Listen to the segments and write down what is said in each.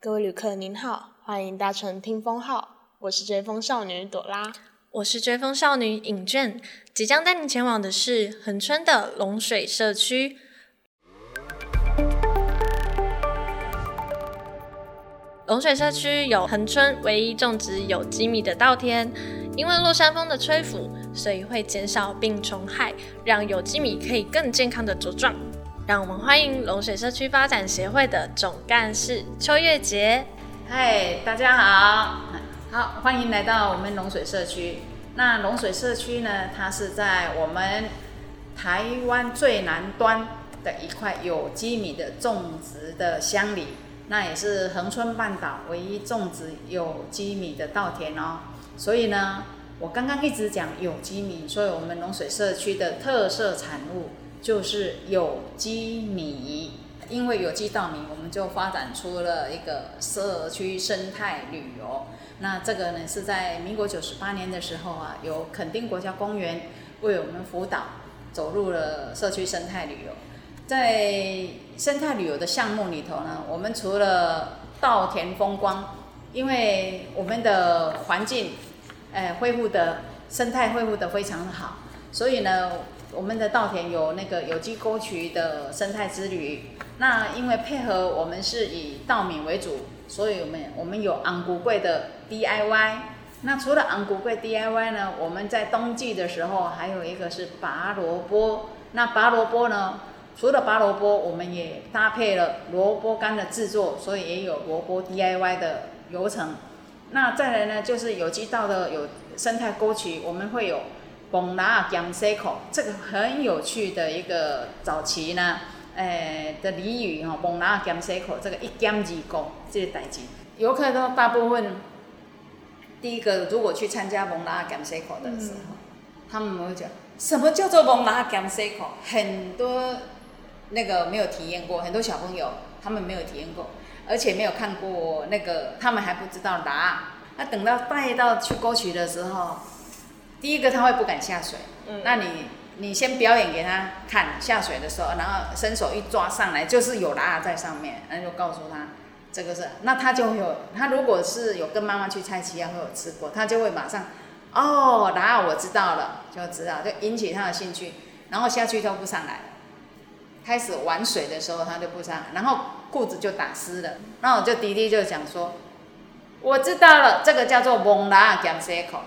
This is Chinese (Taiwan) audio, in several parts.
各位旅客，您好，歡迎搭乘聽風號，我是追風少女朵拉，我是追風少女尹娟，即將帶您前往的是恆春的龍水社區。龍水社區有恆春唯一種植有機米的稻田，因為落山風的吹拂，所以會減少病蟲害，讓有機米可以更健康的茁壯。讓我們歡迎龍水社區發展協會的總幹事秋月姊。嗨，hey，大家好，好，歡迎來到我們龍水社區。那龍水社區呢，它是在我們台灣最南端的一塊有機米的種植的鄉里，那也是恆春半島唯一種植有機米的稻田哦。所以呢，我剛剛一直講有機米，所以我們龍水社區的特色產物。就是有機米，因為有機稻米，我們就發展出了一個社區生態旅遊。那這個呢，是在民國九十八年的時候啊，由墾丁國家公園為我們輔導，走入了社區生態旅遊。在生態旅遊的項目裡頭呢，我們除了稻田風光，因為我們的環境，哎，恢復的生態恢復得非常好，所以呢。我們的稻田有那個有機溝渠的生態之旅。那因為配合我們是以稻米為主，所以我們我們有紅龜粿的 DIY。那除了紅龜粿 DIY 呢，我們在冬季的時候還有一個是拔蘿蔔。那拔蘿蔔呢，除了拔蘿蔔，我們也搭配了蘿蔔乾的製作，所以也有蘿蔔 DIY 的流程。那再來呢，就是有機稻的有生態溝渠，我們會有。摸蜊仔兼洗褲，這個很有趣的一個早期呢，誒的俚語哈，摸蜊仔兼洗褲這個一兼二顧，這些代誌，遊客都大部分，第一個如果去參加摸蜊仔兼洗褲的時候，嗯、他們會講什麼叫做摸蜊仔兼洗褲？嗯、很多那個沒有體驗過，很多小朋友他們沒有體驗過，而且沒有看過那個，他們還不知道答案。那等到帶到去溝渠的時候。第一個他會不敢下水，嗯、那你你先表演給他看下水的時候，然後伸手一抓上來，就是有拉在上面，那就告訴他這個是，那他就會有他如果是有跟媽媽去菜市場會有吃過，他就會馬上哦，然後我知道了，就知道就引起他的興趣，然後下去都不上來，開始玩水的時候他就不上來，然後褲子就打濕了，那我就弟弟就講說，我知道了，這個叫做蒙拉講。蛇口。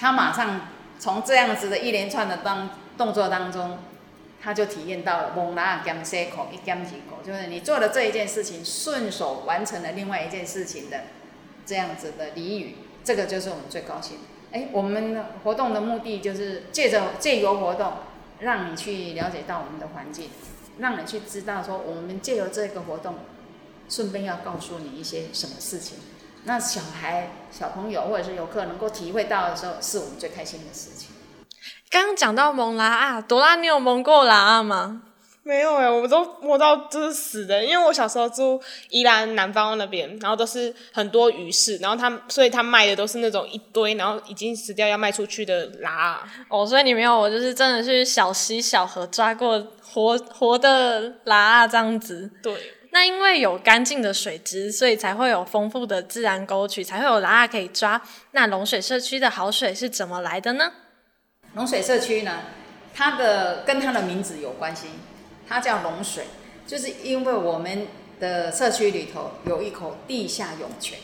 他馬上從這樣子的一連串的當動作當中，他就體驗到了「摸蜊仔兼洗褲，一兼二顧」，就是你做了這一件事情，順手完成了另外一件事情的這樣子的俚語。這個就是我們最高興。哎，我們活動的目的就是借着借由活動，讓你去了解到我們的環境，讓你去知道說我們借由這個活動，順便要告訴你一些什麼事情。那小孩、小朋友或者是遊客能夠體會到的時候，是我們最開心的事情。剛剛講到蒙拉啊，朵拉，你有蒙過拉阿嗎？沒有哎、欸，我都摸到就是死的，因為我小時候住宜蘭南方那邊，然後都是很多魚市，然後他所以他賣的都是那種一堆，然後已經死掉要賣出去的拉阿。哦，所以你沒有，我就是真的去小溪、小河抓過活活的拉阿這樣子。對。那因為有乾淨的水質，所以才會有豐富的自然溝渠，才會有大家可以抓。那龍水社區的好水是怎麼來的呢？龍水社區呢，它的跟它的名字有關係，它叫龍水，就是因為我們的社區裡頭有一口地下湧泉。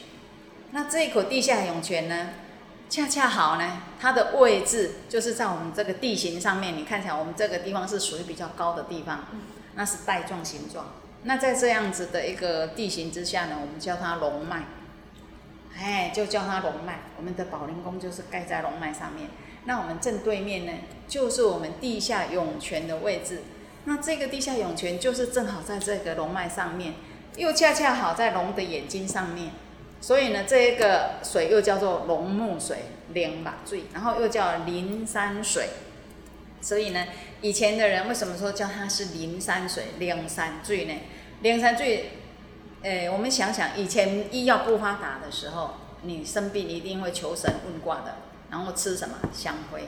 那這一口地下湧泉呢，恰恰好呢，它的位置就是在我們這個地形上面。你看起來我們這個地方是屬於比較高的地方，那是帶狀形狀。那在這樣子的一個地形之下呢，我們叫它龍脈，哎，就叫它龍脈。我們的寶靈宮就是蓋在龍脈上面。那我們正對面呢，就是我們地下湧泉的位置。那這個地下湧泉就是正好在這個龍脈上面，又恰恰好在龍的眼睛上面，所以呢，這一個水又叫做龍目水靈馬醉，然後又叫靈山水。所以呢，以前的人為什麼說叫它是靈山水靈山醉呢？靈山最，誒、欸，我們想想以前醫藥不發達的時候，你生病一定會求神問卦的，然後吃什麼香灰，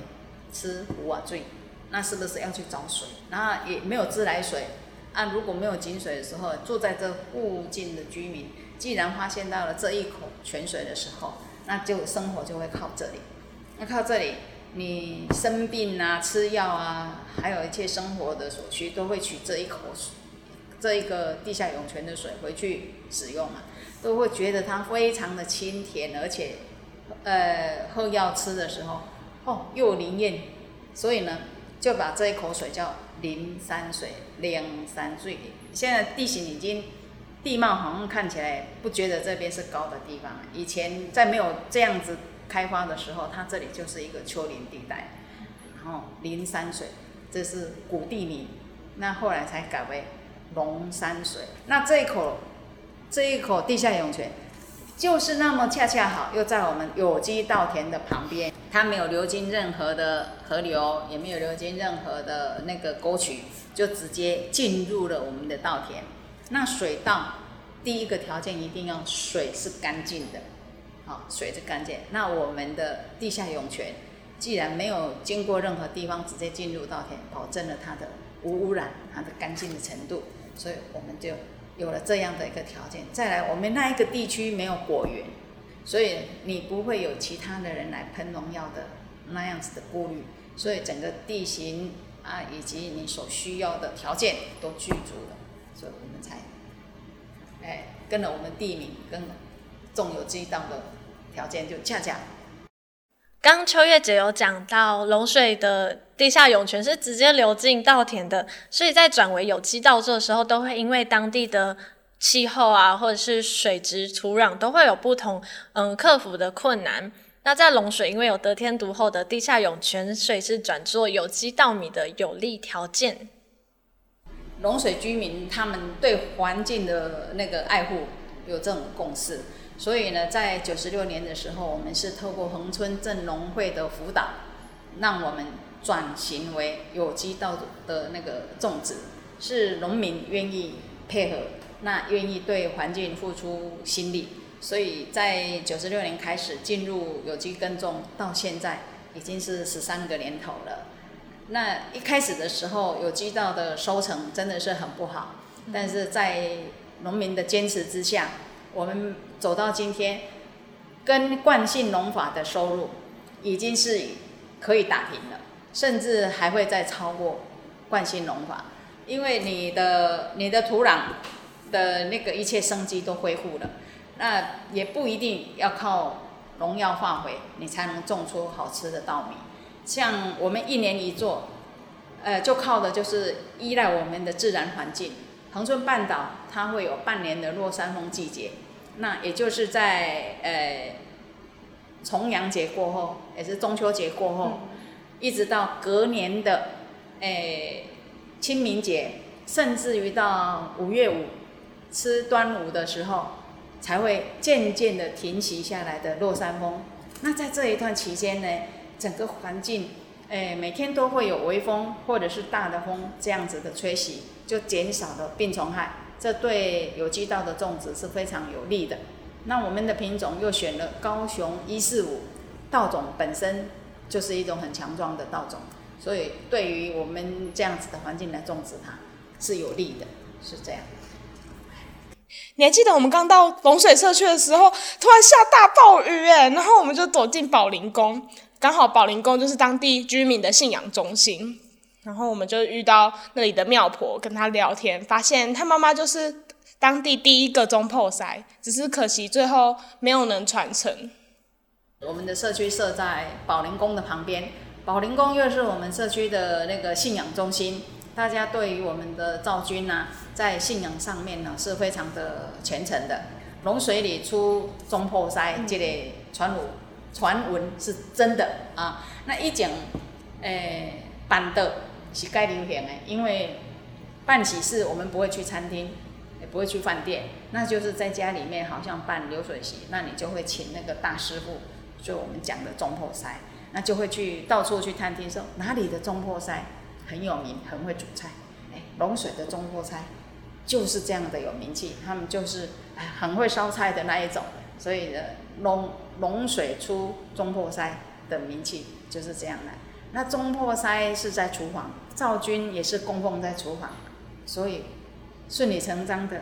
吃胡啊，醉，那是不是要去找水？那也沒有自來水，啊，如果沒有井水的時候，住在這附近的居民，既然發現到了這一口泉水的時候，那就生活就會靠這裡。那靠這裡，你生病啊，吃藥啊，還有一切生活的所需，都會取這一口水。這一個地下湧泉的水回去使用嘛，都會覺得它非常的清甜，而且，呃，喝藥吃的時候，哦，又靈驗，所以呢，就把這一口水叫靈山水、靈山水。現在地形已經，地貌好像看起來不覺得這邊是高的地方。以前在沒有這樣子開發的時候，它這裡就是一個丘陵地帶，然後靈山水，這是古地名，那後來才改為。龍山水，那這一口，這一口地下湧泉，就是那麼恰恰好，又在我們有機稻田的旁邊。它沒有流經任何的河流，也沒有流經任何的那個溝渠，就直接進入了我們的稻田。那水稻第一個條件一定要水是乾淨的，好，水是乾淨。那我們的地下湧泉，既然沒有經過任何地方，直接進入稻田，保證了它的。無污染，它的乾淨的程度，所以我們就有了這樣的一個條件。再來，我們那一個地區沒有果園，所以你不會有其他的人來噴農藥的那樣子的顧慮。所以整個地形啊，以及你所需要的條件都具足了，所以我們才，哎、跟了我們地名，跟了種有機稻的條件就恰恰。剛秋月姐有講到龍水的。地下湧泉是直接流進稻田的，所以在轉為有機稻作的時候，都會因為當地的氣候啊，或者是水質、土壤都會有不同，嗯，克服的困難。那在龍水，因為有得天獨厚的地下湧泉水，是轉做有機稻米的有利條件。龍水居民他們對環境的那個愛護有這種共識，所以呢，在九十六年的時候，我們是透過恆春鎮農會的輔導，讓我們。轉型為有機稻的那個種植，是農民願意配合，那願意對環境付出心力，所以在九十六年開始進入有機耕種，到現在已經是十三個年頭了。那一開始的時候，有機稻的收成真的是很不好，但是在農民的堅持之下，我們走到今天，跟慣性農法的收入，已經是可以打平了。甚至還會再超過慣行農法，因為你的你的土壤的那個一切生機都恢復了，那也不一定要靠農藥化肥，你才能種出好吃的稻米。像我們一年一作，呃，就靠的就是依賴我們的自然環境。恆春半島它會有半年的落山風季節，那也就是在呃重陽節過後，也是中秋節過後。嗯一直到隔年的，欸，清明節，甚至於到五月五吃端午的時候，才會漸漸的停息下來的落山風。那在這一段期間呢，整個環境，哎，欸，每天都會有微風或者是大的風這樣子的吹襲，就減少了病蟲害，這對有機稻的種植是非常有利的。那我們的品種又選了高雄一四五稻種本身。就是一種很強壯的稻種，所以對於我們這樣子的環境來種植它，是有利的，是這樣。你還記得我們剛到龍水社區的時候，突然下大暴雨，誒，然後我們就走進寶靈宮，剛好寶靈宮就是當地居民的信仰中心，然後我們就遇到那裡的廟婆，跟她聊天，發現她媽媽就是當地第一個種破塞，只是可惜最後沒有能傳承。我們的社區設在寶靈宮的旁邊，寶靈宮又是我們社區的那個信仰中心。大家對於我們的灶君吶，在信仰上面呢、啊、是非常的虔誠的。龍水里出總舖師。嗯、這類傳聞，傳聞是真的啊。那一講，哎，辦的是該留行呢，因為辦喜事我們不會去餐廳，也不會去飯店，那就是在家裡面好像辦流水席，那你就會請那個大師傅。所以我們講的總鋪師，那就會去到處去探聽說，說哪裡的總鋪師很有名，很會煮菜。哎，龍水的總鋪師就是這樣的有名氣，他們就是哎很會燒菜的那一種。所以呢，龍龍水出總鋪師的名氣就是這樣的。那總鋪師是在廚房，灶君也是供奉在廚房，所以順理成章的，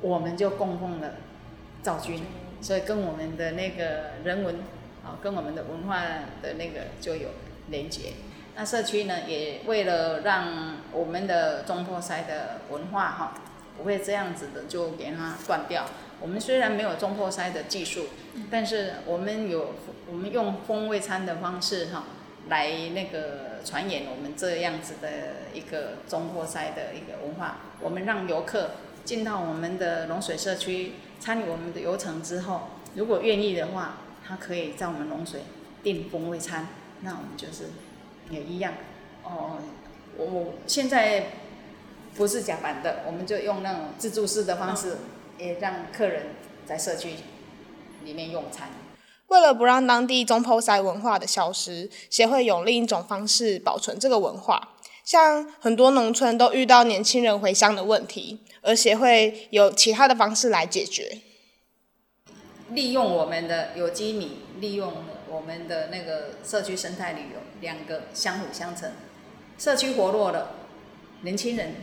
我們就供奉了灶君。所以跟我們的那個人文。跟我們的文化的那個就有連接。那社區呢，也為了讓我們的總舖師的文化哈，不會這樣子的就給它斷掉。我們雖然沒有總舖師的技術，但是我們有，我們用風味餐的方式哈，來那個傳衍我們這樣子的一個總舖師的一個文化。我們讓遊客進到我們的龍水社區，參與我們的遊程之後，如果願意的話，他可以在我們龍水訂風味餐，那我們就是也一樣。哦，我我現在不是甲板的，我們就用那種自助式的方式，也讓客人在社區裡面用餐。為了不讓當地中剖塞文化的消失，協會有另一種方式保存這個文化。像很多農村都遇到年輕人回鄉的問題，而協會有其他的方式來解決。利用我們的有機米，利用我們的那個社區生態旅遊，兩個相輔相成。社區活絡了，年輕人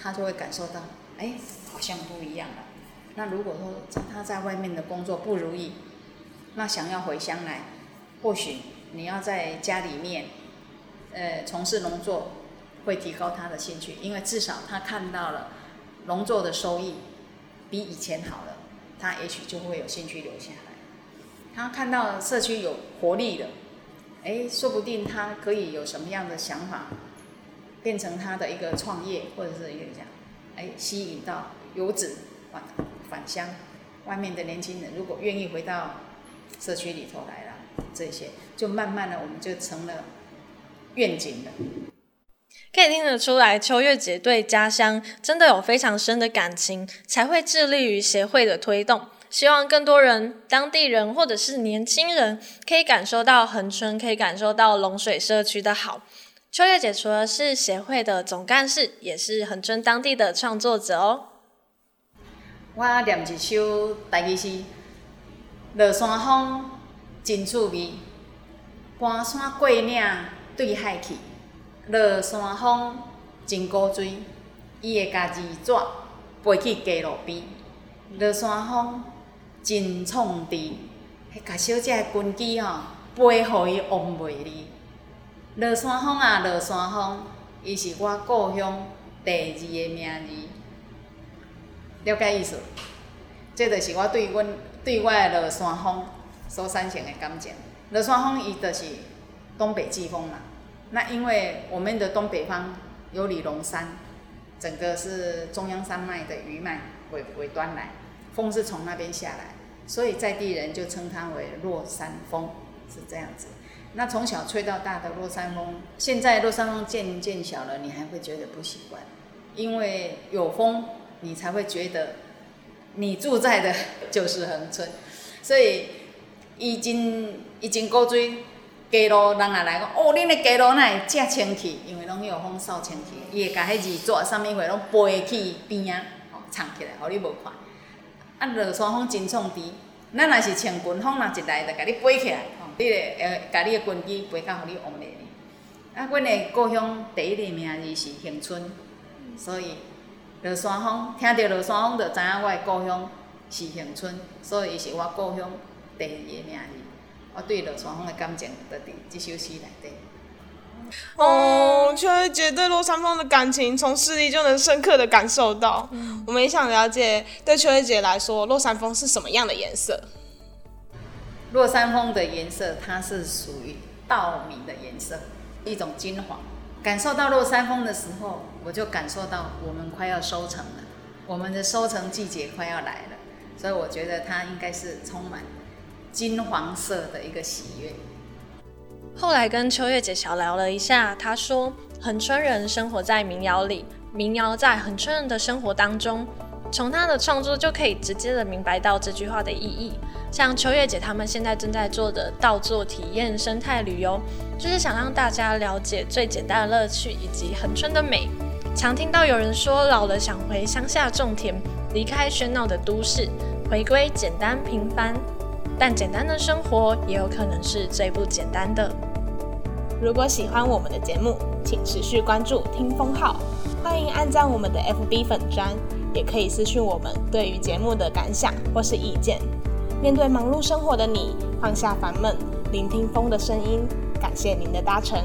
他就會感受到，哎，好像不一樣了。那如果說他在外面的工作不如意，那想要回鄉來，或許你要在家裡面，呃，從事農作，會提高他的興趣，因為至少他看到了農作的收益比以前好了。他也許就會有興趣留下來，他看到社區有活力的，哎、欸，說不定他可以有什麼樣的想法，變成他的一個創業，或者是一個這樣，哎、欸，吸引到遊子返返鄉。外面的年輕人如果願意回到社區裡頭來了，這些就慢慢的我們就成了願景了。可以聽得出來，秋月姐對家鄉真的有非常深的感情，才會致力於協會的推動。希望更多人，當地人或者是年輕人，可以感受到恆春，可以感受到龍水社區的好。秋月姐除了是協會的總幹事，也是恆春當地的創作者哦。我念一首台語詩，落山風真趣味，搬山過嶺對海去。落山風真古錐，伊會家己抓背去街路邊。落山風真創治，迄個小姐的根基吼背好伊王妹哩。落山風啊，落山風，伊是我故鄉第二個名字。了解意思？這着是我對阮對我誒落山風所產生誒感情。落山風伊着是東北季風啦。那因為我們的東北方有里龍山，整個是中央山脈的餘脈尾尾端來，風是從那邊下來，所以在地人就稱它為落山風，是這樣子。那從小吹到大的落山風，現在落山風漸漸小了，你還會覺得不習慣，因為有風，你才會覺得你住在的就是恆春，所以已經已經過追。街路人也來講，哦，恁的街路若會遮清氣？因為攏迄有風掃清氣。伊會把迄紙屑啥物貨攏飛去邊仔哦，藏起來，互你無看。啊，落山風真創治咱，若是穿裙風，若一代就甲你飛起來，吼，你誒呃，甲你誒裙衣飛甲，互你烏哩哩。啊，阮的故鄉第一個名字是恆春，所以落山風聽着落山風，就知影我的故鄉是恆春，所以伊是我故鄉第二個名字。哦，oh, 對了，落山風的感情在第一首詩裡頭。哦，秋月姐對落山風的感情，從詩裡就能深刻的感受到。Mm. 我們也想了解，對秋月姐來說，落山風是什麼樣的顏色？落山風的顏色，它是屬於稻米的顏色，一種金黃。感受到落山風的時候，我就感受到我們快要收成了，我們的收成季節快要來了。所以我覺得它應該是充滿。金黃色的一個喜悅。後來跟秋月姐小聊了一下，她說：“恆春人生活在民謠裡，民謠在恆春人的生活當中，從她的創作就可以直接的明白到這句話的意義。像秋月姐他們現在正在做的稻作體驗生態旅遊，就是想讓大家了解最簡單的樂趣以及恆春的美。常聽到有人說，老了想回鄉下種田，離開喧鬧的都市，回歸簡單平凡。”但簡單的生活也有可能是最不簡單的。如果喜歡我們的節目，請持續關注聽風號，歡迎按讚我們的 FB 粉專，也可以私訊我們對於節目的感想或是意見。面對忙碌生活的你，放下煩悶，聆聽風的聲音。感謝您的搭乘。